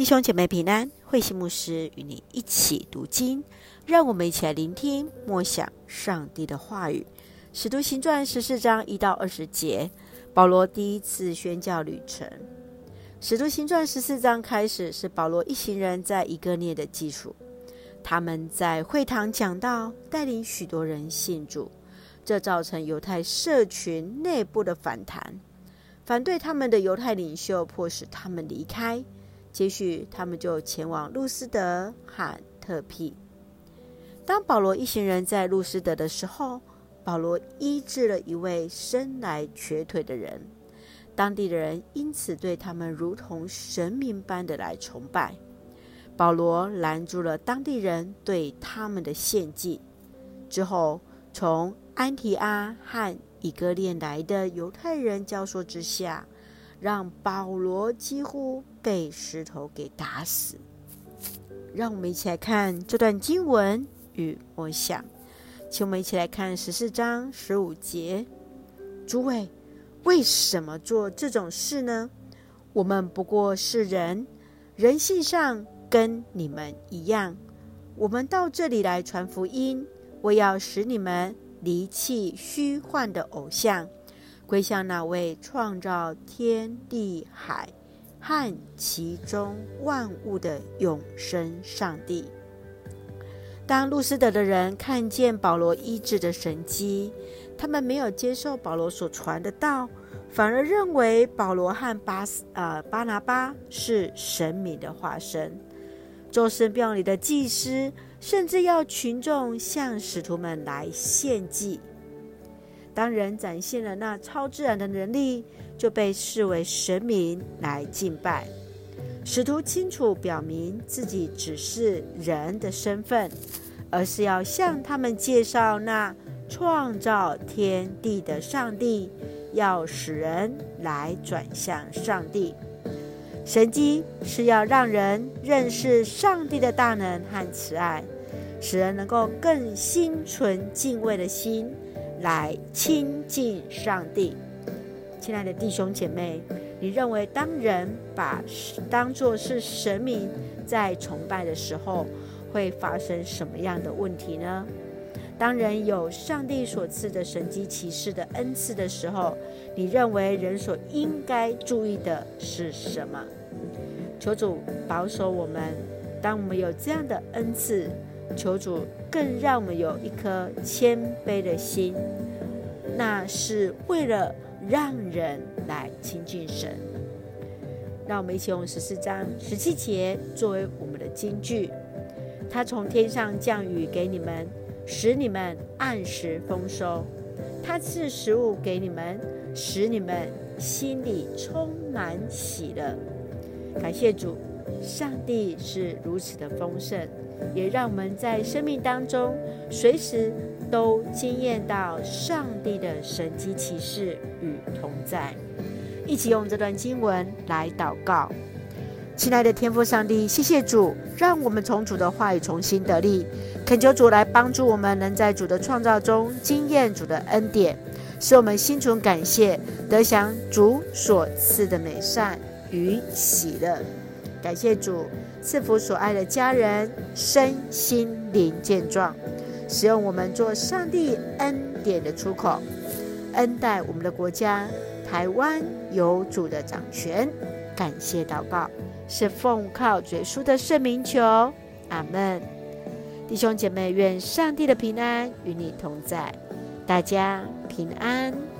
弟兄姐妹平安，慧馨牧師與你一起讀經，讓我們一起來聆聽默想上帝的話語。使徒行傳十四章一到二十節，保羅第一次宣教旅程。使徒行傳十四章開始是保羅一行人在以哥念的記敍，他們在會堂講道，帶領許多人信主，這造成猶太社群內部的反彈，反對他們的猶太領袖迫使他們離開。接續，他們就前往路司得和特庇。當保羅一行人在路司得的時候，保羅醫治了一位生來瘸腿的人，當地的人因此對他們如同神明般的來崇拜。保羅攔住了當地人對他們的獻祭。之後，從安提阿和以哥念來的猶太人教唆之下。讓保羅幾乎被石頭給打死。讓我們一起來看這段經文與默想，請我們一起來看十四章十五節。諸位，為什麼做這種事呢？我們不過是人，人性上跟你們一樣。我們到這裡來傳福音，我要使你們離棄虛幻的偶像。歸向那位創造天地海和其中萬物的永生上帝。當路司得的人看見保羅醫治的神蹟，他們沒有接受保羅所傳的道，反而認為保羅和巴斯、呃、巴拿巴是神明的化身。宙斯廟裡的祭司，甚至要群眾向使徒們來獻祭。當人展現了那超自然的能力，就被視為神明來敬拜。使徒清楚表明自己只是人的身份，而是要向他們介紹那創造天地的上帝，要使人來轉向上帝。神蹟是要讓人認識上帝的大能和慈愛，使人能夠更心存敬畏的心。來親近上帝。親愛的弟兄姐妹，你認為當人把當做是神明在崇拜的時候，會發生什麼樣的問題呢？當人有上帝所賜的神蹟奇事的恩賜的時候，你認為人所應該注意的是什麼？求主保守我們，當我們有這樣的恩賜。求主更讓我們有一顆謙卑的心，那是為了讓人來親近神。讓我們一起用十四章十七節作為我們的金句：他從天上降雨給你們，使你們按時豐收；他賜食物給你們，使你們心裡充滿喜樂。感謝主。上帝是如此的豐盛，也讓我們在生命當中隨時都經驗到上帝的神蹟奇事與同在。一起用這段經文來禱告，親愛的天父上帝，謝謝主，讓我們從主的話語重新得力，懇求主來幫助我們，能在主的創造中經驗主的恩典，使我們心存感謝，得享主所賜的美善與喜樂。感謝主，賜福所愛的家人身心靈健壯，使用我們做上帝恩典的出口，恩待我們的國家台灣有主的掌權。感謝禱告，是奉靠主耶穌的聖名求，阿門。弟兄姐妹，願上帝的平安與你同在，大家平安。